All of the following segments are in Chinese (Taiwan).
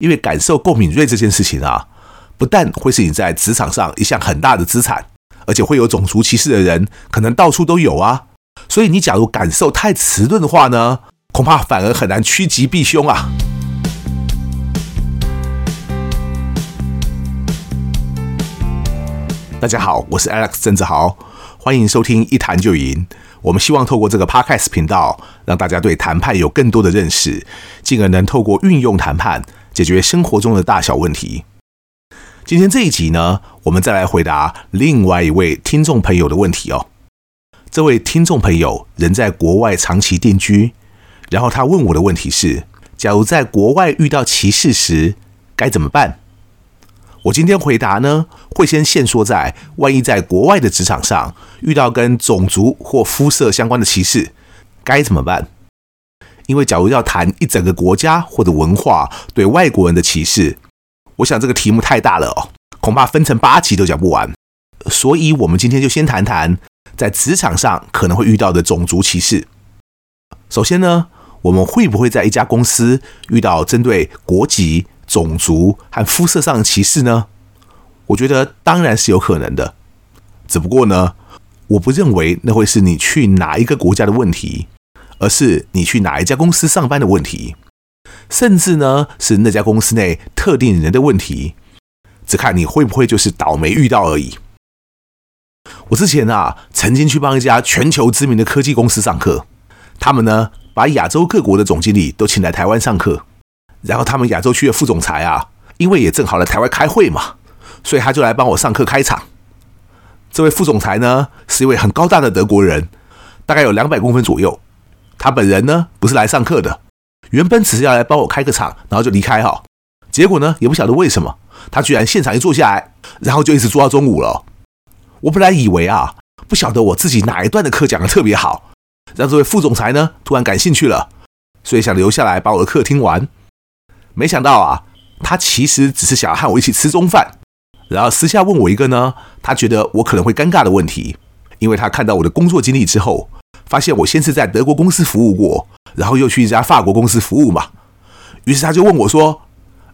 因為感受夠敏銳這件事情啊，不但會是你在職場上一項很大的資產，而且會有種族歧視的人可能到處都有啊。所以你假如感受太遲鈍的話呢，恐怕反而很難趨吉避凶啊。大家好，我是 Alex 鄭志豪，歡迎收聽一談就贏。我們希望透過這個 Podcast 頻道，讓大家對談判有更多的認識，進而能透過運用談判，解決生活中的大小問題。今天這一集呢，我們再來回答另外一位聽眾朋友的問題哦。這位聽眾朋友人在國外長期定居，然後他問我的問題是：假如在國外遇到歧視時該怎麼辦？我今天回答呢，會先限縮在萬一在國外的職場上遇到跟種族或膚色相關的歧視，該怎麼辦？因為，假如要談一整個國家或者文化對外國人的歧視，我想這個題目太大了哦，恐怕分成八集都講不完。所以，我們今天就先談談在職場上可能會遇到的種族歧視。首先呢，我們會不會在一家公司遇到針對國籍、種族和膚色上的歧視呢？我覺得當然是有可能的。只不過呢，我不認為那會是你去哪一個國家的問題。而是你去哪一家公司上班的問題，甚至呢是那家公司內特定人的問題，只看你會不會就是倒霉遇到而已。我之前啊曾經去幫一家全球知名的科技公司上課，他們呢把亞洲各國的總經理都請來台灣上課，然後他們亞洲區的副總裁啊，因為也正好來台灣開會嘛，所以他就來幫我上課開場。這位副總裁呢是一位很高大的德國人，大概有兩百公分左右。他本人呢，不是來上課的，原本只是要來幫我開個場，然後就離開齁。結果呢，也不曉得為什麼，他居然現場一坐下來，然後就一直坐到中午了。我本來以為啊，不曉得我自己哪一段的課講得特別好，讓這位副總裁呢突然感興趣了，所以想留下來把我的課聽完。沒想到啊，他其實只是想要和我一起吃中飯，然後私下問我一個呢，他覺得我可能會尷尬的問題，因為他看到我的工作經歷之後。發現我先是在德國公司服務過，然後又去一家法國公司服務嘛。於是他就問我說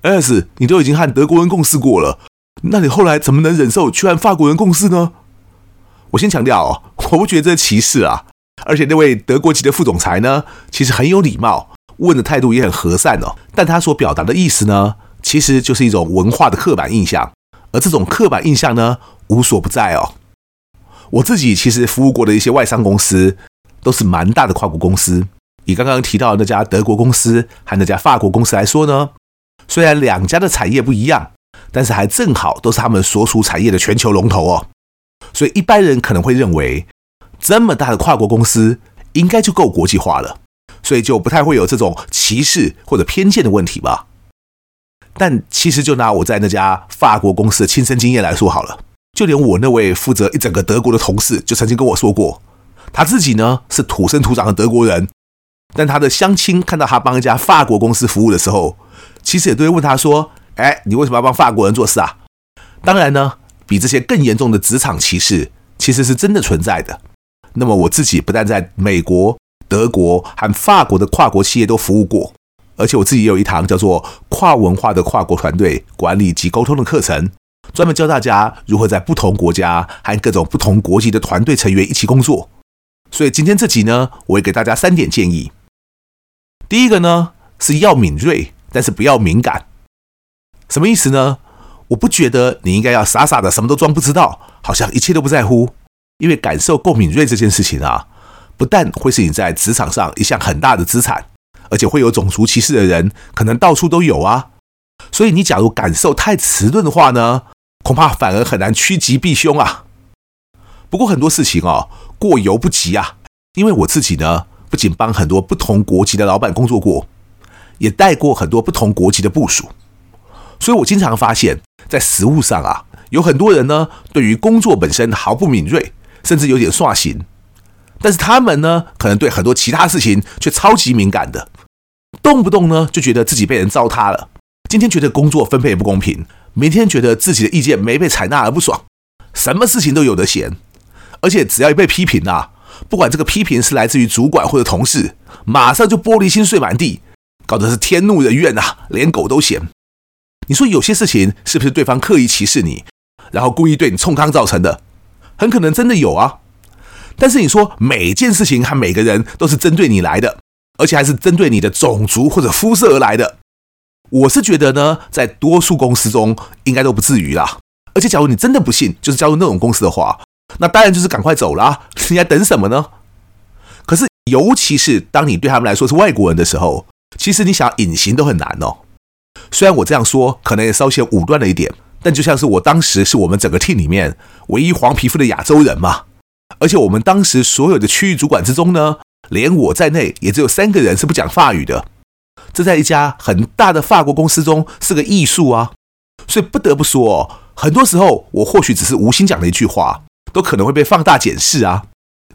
：“S，你都已經和德國人共事過了，那你後來怎麼能忍受去和法國人共事呢？”我先強調哦，我不覺得這是歧視啊。而且那位德國籍的副總裁呢，其實很有禮貌，問的態度也很和善哦。但他所表達的意思呢，其實就是一種文化的刻板印象。而這種刻板印象呢，無所不在哦。我自己其實服務過的一些外商公司。都是蠻大的跨國公司。以剛剛提到的那家德國公司和那家法國公司來說呢，雖然兩家的產業不一樣，但是還正好都是他們所屬產業的全球龍頭哦。所以一般人可能會認為，這麼大的跨國公司應該就夠國際化了，所以就不太會有這種歧視或者偏見的問題吧。但其實就拿我在那家法國公司的親身經驗來說好了，就連我那位負責一整個德國的同事就曾經跟我說過。他自己呢是土生土長的德國人，但他的鄉親看到他幫一家法國公司服務的時候，其實也都會問他說：“哎，你為什麼要幫法國人做事啊？”當然呢，比這些更嚴重的職場歧視其實是真的存在的。那麼我自己不但在美國、德國和法國的跨國企業都服務過，而且我自己也有一堂叫做“跨文化的跨國團隊管理及溝通”的課程，專門教大家如何在不同國家和各種不同國籍的團隊成員一起工作。所以今天這集呢，我也給大家三點建議。第一個呢是要敏銳，但是不要敏感。什麼意思呢？我不覺得你應該要傻傻的什麼都裝不知道，好像一切都不在乎。因為感受過敏銳這件事情啊，不但會是你在職場上一項很大的資產，而且會有種族歧視的人可能到處都有啊。所以你假如感受太遲鈍的話呢，恐怕反而很難趨吉避凶啊。不過很多事情啊、哦，過猶不及啊。因為我自己呢，不僅幫很多不同國籍的老板工作過，也帶過很多不同國籍的部署，所以我經常發現，在實務上啊，有很多人呢，對於工作本身毫不敏銳，甚至有點刷心；但是他們呢，可能對很多其他事情卻超級敏感的，動不動呢就覺得自己被人糟蹋了。今天覺得工作分配不公平，明天覺得自己的意見沒被採納而不爽，什麼事情都有的嫌。而且只要一被批評啊，不管這個批評是來自於主管或者同事，馬上就玻璃心碎滿地，搞得是天怒人怨啊，連狗都嫌。你說有些事情是不是對方刻意歧視你，然後故意對你衝康造成的？很可能真的有啊。但是你說每件事情和每個人都是針對你來的，而且還是針對你的種族或者膚色而來的，我是覺得呢，在多數公司中應該都不至於啦。而且假如你真的不信，就是加入那種公司的話。那當然就是趕快走啦，你還等什麼呢？可是，尤其是當你對他們來說是外國人的時候，其實你想隱形都很難哦。雖然我這樣說可能也稍顯武斷了一點，但就像是我當時是我們整個 team 裡面唯一黃皮膚的亞洲人嘛，而且我們當時所有的區域主管之中呢，連我在內也只有三個人是不講法語的，這在一家很大的法國公司中是個藝術啊。所以不得不說，很多時候我或許只是無心講了一句話。都可能會被放大檢視啊，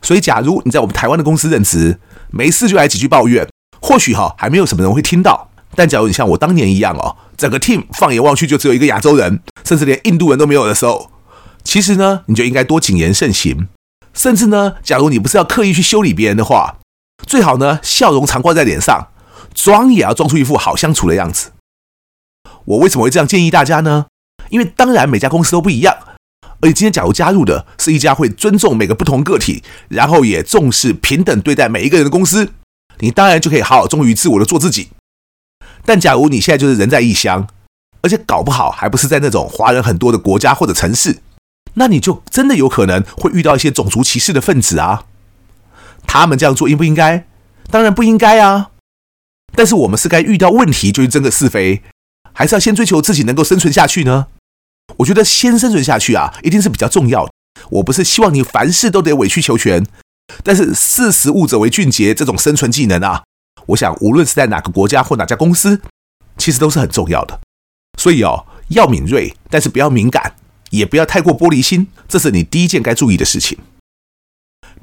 所以假如你在我們台灣的公司任職，沒事就來幾句抱怨，或許哈、哦、還沒有什麼人會聽到。但假如你像我當年一樣哦，整個 team 放眼望去就只有一個亞洲人，甚至連印度人都沒有的時候，其實呢，你就應該多謹言慎行，甚至呢，假如你不是要刻意去修理別人的話，最好呢，笑容常掛在臉上，裝也要裝出一副好相處的樣子。我為什麼會這樣建議大家呢？因為當然每家公司都不一樣。而你今天假如加入的是一家會尊重每個不同個體，然後也重視平等對待每一個人的公司，你當然就可以好好忠於自我的做自己。但假如你現在就是人在異鄉，而且搞不好還不是在那種華人很多的國家或者城市，那你就真的有可能會遇到一些種族歧視的分子啊！他們這樣做應不應該？當然不應該啊！但是我們是該遇到問題就去爭個是非，還是要先追求自己能夠生存下去呢？我覺得先生存下去啊，一定是比較重要的。我不是希望你凡事都得委曲求全，但是識時務者為俊傑，這種生存技能啊，我想無論是在哪個國家或哪家公司，其實都是很重要的。所以哦，要敏銳，但是不要敏感，也不要太過玻璃心，這是你第一件該注意的事情。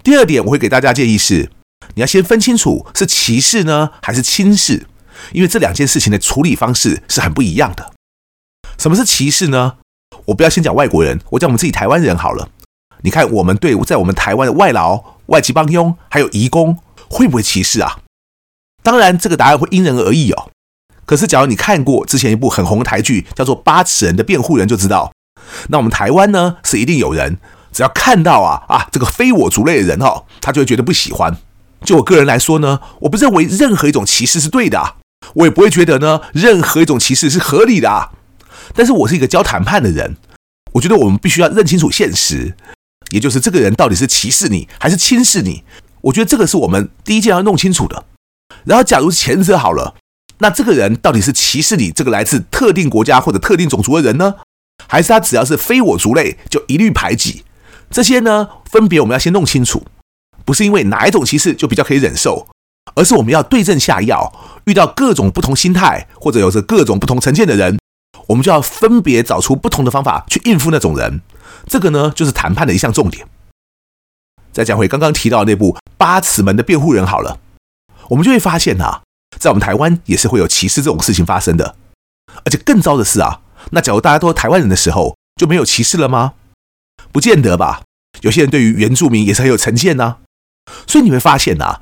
第二點，我會給大家建議是，你要先分清楚是歧視呢，還是輕視，因為這兩件事情的處理方式是很不一樣的。什麼是歧視呢？我不要先講外國人，我講我們自己台灣人好了。你看我們對在我們台灣的外勞、外籍幫傭還有移工，會不會歧視啊？當然這個答案會因人而異哦。可是假如你看過之前一部很紅的台劇，叫做《八尺人的辯護人》，就知道那我們台灣呢是一定有人，只要看到啊啊這個非我族類的人哦，他就會覺得不喜歡。就我個人來說呢，我不認為任何一種歧視是對的，啊，我也不會覺得呢任何一種歧視是合理的啊。但是我是一個教談判的人，我覺得我們必須要認清楚現實，也就是這個人到底是歧視你還是輕視你？我覺得這個是我們第一件要弄清楚的。然後，假如前者好了，那這個人到底是歧視你這個來自特定國家或者特定種族的人呢，還是他只要是非我族類就一律排擠？這些呢，分別我們要先弄清楚，不是因為哪一種歧視就比較可以忍受，而是我們要對症下藥。遇到各種不同心態或者有着各種不同成見的人。我們就要分別找出不同的方法去應付那種人，這個呢，就是談判的一項重點。再講回剛剛提到的那部八尺門的辯護人好了，我們就會發現啊，在我們台灣也是會有歧視這種事情發生的。而且更糟的是啊，那假如大家都台灣人的時候，就沒有歧視了嗎？不見得吧。有些人對於原住民也是很有成見啊。所以你會發現啊，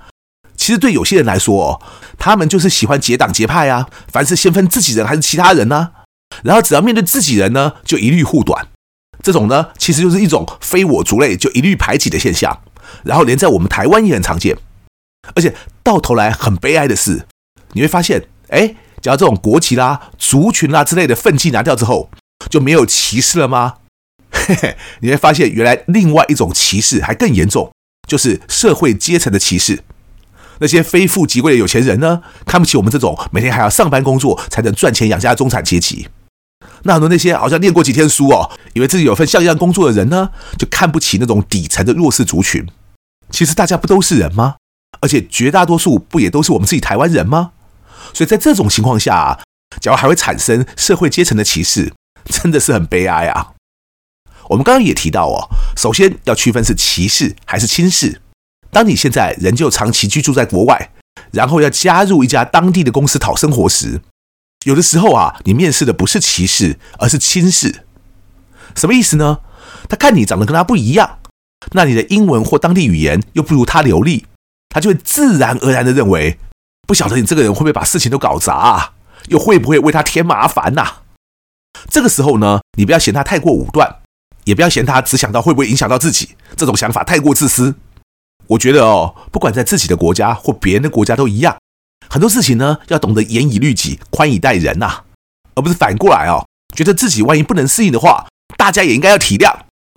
其實對有些人來說哦，他們就是喜歡結黨結派啊，凡是先分自己人還是其他人呢，啊？然後只要面對自己人呢，就一律護短，這種呢其實就是一種非我族類就一律排擠的現象。然後連在我們台灣也很常見，而且到頭來很悲哀的是，你會發現，哎，只要這種國旗啦、啊、族群啦、啊、之類的分際拿掉之後，就沒有歧視了嗎？嘿嘿，你會發現原來另外一種歧視還更嚴重，就是社會階層的歧視。那些非富即貴的有錢人呢，看不起我們這種每天還要上班工作才能賺錢養家的中產階級。那很多那些好像念過幾天書哦，以為自己有份像樣工作的人呢，就看不起那種底層的弱勢族群。其實大家不都是人嗎？而且絕大多數不也都是我們自己台灣人嗎？所以在這種情況下啊，假如還會產生社會階層的歧視，真的是很悲哀啊！我們剛剛也提到哦，首先要區分是歧視還是輕視。當你現在仍舊長期居住在國外，然後要加入一家當地的公司討生活時，有的時候啊，你面試的不是歧視，而是輕視。什麼意思呢？他看你長得跟他不一樣，那你的英文或當地語言又不如他流利，他就會自然而然的認為，不曉得你這個人會不會把事情都搞砸啊，又會不會為他添麻煩吶啊。這個時候呢，你不要嫌他太過武斷，也不要嫌他只想到會不會影響到自己，這種想法太過自私。我覺得哦，不管在自己的國家或別人的國家都一樣。很多事情呢，要懂得嚴以律己、寬以待人吶、啊，而不是反過來哦。覺得自己萬一不能適應的話，大家也應該要體諒。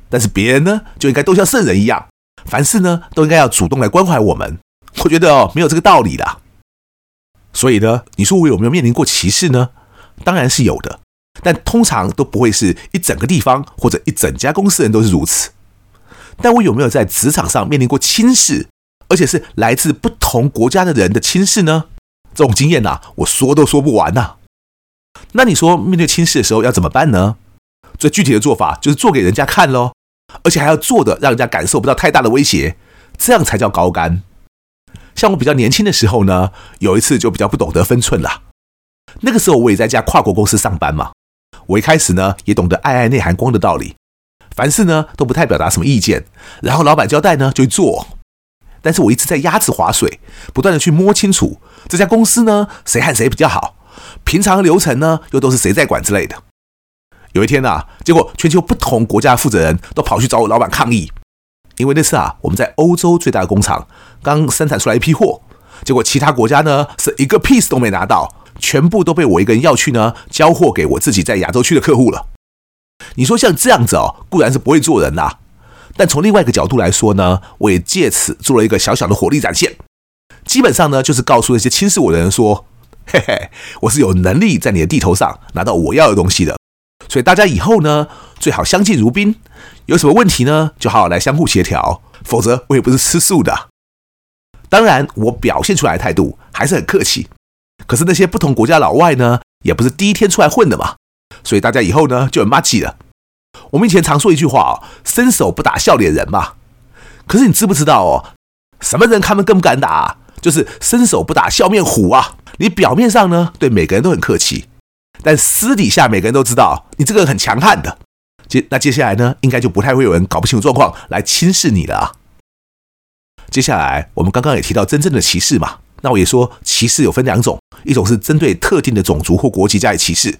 但是別人呢，就應該都像聖人一樣，凡事呢都應該要主動來關懷我們。我覺得哦，沒有這個道理啦。所以呢，你說我有沒有面臨過歧視呢？當然是有的，但通常都不會是一整個地方或者一整家公司人都是如此。但我有沒有在職場上面臨過輕視，而且是來自不同國家的人的輕視呢？這種經驗吶、啊，我說都說不完吶、啊。那你說面對歧視的時候要怎麼辦呢？最具體的做法就是做給人家看嘍，而且還要做的讓人家感受不到太大的威脅，這樣才叫高竿。像我比較年輕的時候呢，有一次就比較不懂得分寸了。那個時候我也在一家跨國公司上班嘛，我一開始呢也懂得“曖曖內含光”的道理，凡事呢都不太表達什麼意見，然後老闆交代呢就做。但是我一直在鴨子划水，不斷的去摸清楚這家公司呢，誰和誰比較好，平常流程呢又都是誰在管之類的。有一天啊，結果全球不同國家的負責人都跑去找我老板抗議，因為那次啊，我們在歐洲最大的工廠剛生產出來一批貨，結果其他國家呢是一個 piece 都沒拿到，全部都被我一個人要去呢交貨給我自己在亞洲區的客戶了。你說像這樣子哦，固然是不會做人吶、啊。但從另外一個角度來說呢，我也借此做了一個小小的火力展現，基本上呢就是告訴那些輕視我的人說，嘿嘿，我是有能力在你的地頭上拿到我要的東西的，所以大家以後呢最好相敬如賓，有什麼問題呢就好好來相互協調，否則我也不是吃素的。當然，我表現出來的態度還是很客氣，可是那些不同國家的老外呢也不是第一天出來混的嘛，所以大家以後呢就很默契了。我們以前常說一句話啊、哦，伸手不打笑臉人嘛。可是你知不知道哦，什麼人他們更不敢打、啊？就是伸手不打笑面虎啊！你表面上呢對每個人都很客氣，但私底下每個人都知道你這個人很強悍的。接那接下來呢，應該就不太會有人搞不清楚狀況來輕視你了啊。接下來我們剛剛也提到真正的歧視嘛，那我也說歧視有分兩種，一種是針對特定的種族或國籍加以歧視。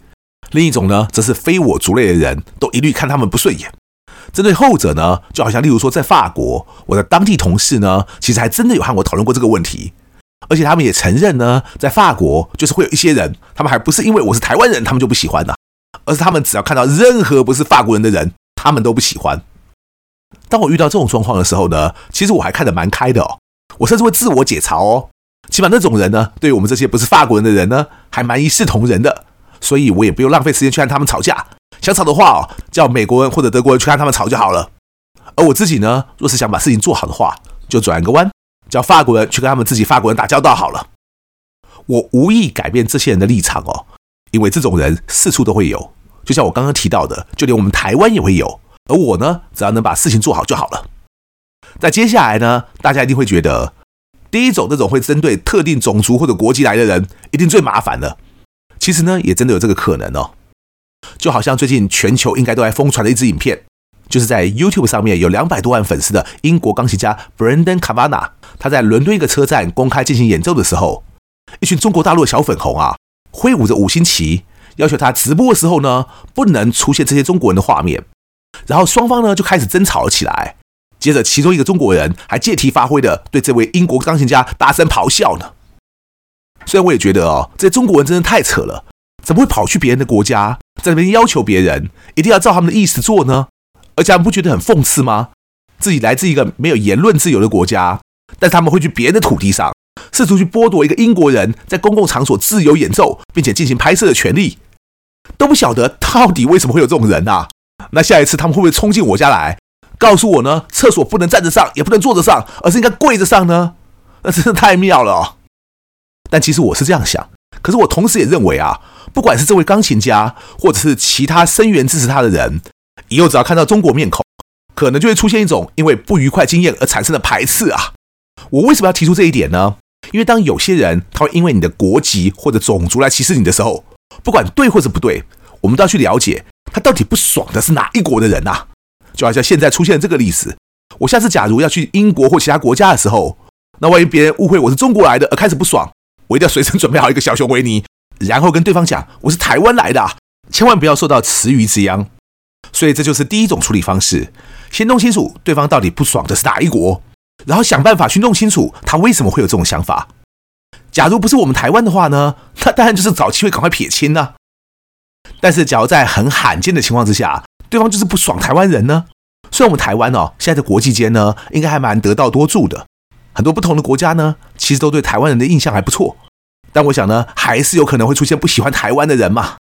另一種呢，則是非我族類的人都一律看他們不順眼。針對後者呢，就好像例如說在法國，我的當地同事呢，其實還真的有和我討論過這個問題，而且他們也承認呢，在法國就是會有一些人，他們還不是因為我是台灣人，他們就不喜歡的，而是他們只要看到任何不是法國人的人，他們都不喜歡。當我遇到這種狀況的時候呢，其實我還看得蠻開的哦，我甚至會自我解嘲哦，起碼那種人呢，對於我們這些不是法國人的人呢，還蠻一視同仁的。所以我也不用浪費時間去跟他們吵架，想吵的話哦，叫美國人或者德國人去跟他們吵就好了。而我自己呢，若是想把事情做好的話，就轉個彎，叫法國人去跟他們自己法國人打交道好了。我無意改變這些人的立場哦，因為這種人四處都會有，就像我剛剛提到的，就連我們台灣也會有。而我呢，只要能把事情做好就好了。在接下來呢，大家一定會覺得，第一種這種會針對特定種族或者國籍來的人，一定最麻煩的。其實呢，也真的有這個可能哦，就好像最近全球應該都在瘋傳的一支影片，就是在 YouTube 上面有兩百多萬粉絲的英國鋼琴家 Brendan Kavanagh，他在倫敦一個車站公開進行演奏的時候，一群中國大陸的小粉紅啊，揮舞着五星旗，要求他直播的時候呢，不能出現這些中國人的畫面，然後雙方呢就開始爭吵了起來，接着其中一個中國人還借題發揮的對這位英國鋼琴家大聲咆哮呢。雖然我也覺得哦，這些中國人真的太扯了，怎麼會跑去別人的國家，在那邊要求別人一定要照他們的意思做呢？而且他們不覺得很諷刺嗎？自己來自一個沒有言論自由的國家，但他們會去別人的土地上，試圖去剝奪一個英國人在公共場所自由演奏並且進行拍攝的權利，都不曉得到底為什麼會有這種人啊？那下一次他們會不會衝進我家來，告訴我呢？廁所不能站着上，也不能坐着上，而是應該跪着上呢？那真的太妙了哦！但其實我是這樣想，可是我同時也認為啊，不管是這位鋼琴家，或者是其他聲援支持他的人，以後只要看到中國面孔，可能就會出現一種因為不愉快經驗而產生的排斥啊。我為什麼要提出這一點呢？因為當有些人他會因為你的國籍或者種族來歧視你的時候，不管對或者不對，我們都要去了解他到底不爽的是哪一國的人啊。就好像現在出現的這個例子，我下次假如要去英國或其他國家的時候，那萬一別人誤會我是中國來的，而開始不爽。我一定要隨身準備好一個小熊維尼，然後跟對方講：“我是台灣來的啊，千萬不要受到池魚之殃。”所以這就是第一種處理方式：先弄清楚對方到底不爽的是哪一國，然後想辦法去弄清楚他為什麼會有這種想法。假如不是我們台灣的話呢？那當然就是找機會趕快撇清了啊。但是，假如在很罕見的情況之下，對方就是不爽台灣人呢？雖然我們台灣哦，現在在國際間呢，應該還蠻得道多助的。很多不同的國家呢，其實都對台灣人的印象還不錯，但我想呢，還是有可能會出現不喜歡台灣的人嘛。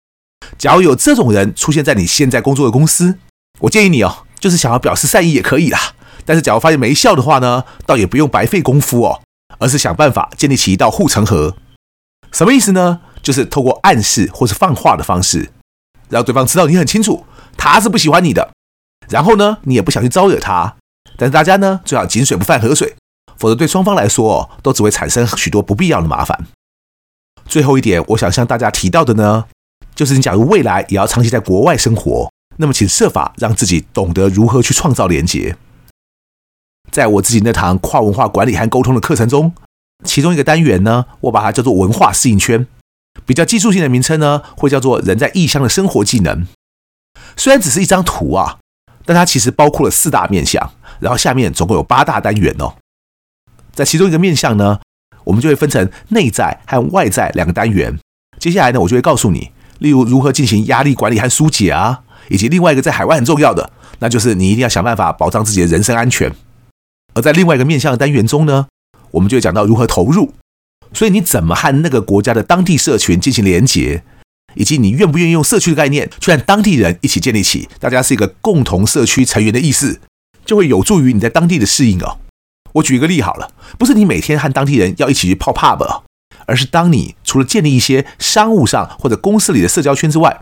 假如有這種人出現在你現在工作的公司，我建議你哦，就是想要表示善意也可以啦。但是，假如發現沒效的話呢，倒也不用白費功夫哦，而是想辦法建立起一道護城河。什麼意思呢？就是透過暗示或是放話的方式，讓對方知道你很清楚他是不喜歡你的，然後呢，你也不想去招惹他。但是大家呢，最好井水不犯河水。否則，對雙方來說，都只會產生許多不必要的麻煩。最後一點，我想向大家提到的呢，就是你假如未來也要長期在國外生活，那麼請設法讓自己懂得如何去創造連結。在我自己那堂跨文化管理和溝通的課程中，其中一個單元呢，我把它叫做“文化適應圈”，比較技術性的名稱呢，會叫做“人在異鄉的生活技能”。雖然只是一張圖啊，但它其實包括了四大面向，然後下面總共有八大單元哦。在其中一個面向呢，我們就會分成內在和外在兩個單元。接下來呢，我就會告訴你，例如如何進行壓力管理和疏解啊，以及另外一個在海外很重要的，那就是你一定要想辦法保障自己的人身安全。而在另外一個面向的單元中呢，我們就會講到如何投入，所以你怎麼和那個國家的當地社群進行連結，以及你願不願意用社區的概念去和當地人一起建立起大家是一個共同社區成員的意識，就會有助於你在當地的適應哦。我舉一個例好了，不是你每天和當地人要一起去泡 pub，而是當你除了建立一些商務上或者公司裡的社交圈之外，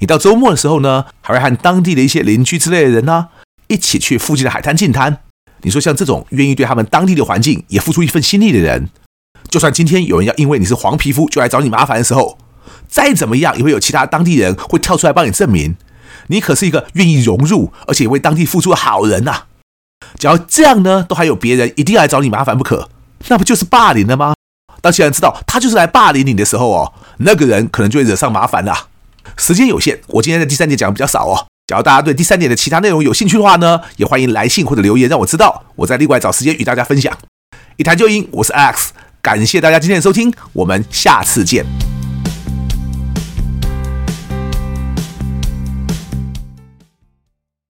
你到周末的時候呢，還會和當地的一些鄰居之類的人呢一起去附近的海灘淨灘。你說像這種願意對他們當地的環境也付出一份心力的人，就算今天有人要因為你是黃皮膚就來找你麻煩的時候，再怎麼樣也會有其他當地人會跳出來幫你證明，你可是一個願意融入而且為當地付出的好人啊。只要這樣呢，都還有別人一定要來找你麻煩不可，那不就是霸凌了嗎？當別人知道他就是來霸凌你的時候哦，那個人可能就會惹上麻煩了啊。時間有限，我今天在第三點講的比較少哦。只要大家對第三點的其他內容有興趣的話呢，也歡迎來信或者留言讓我知道，我再另外找時間與大家分享。一談就贏，我是 Alex，感謝大家今天的收聽，我們下次見。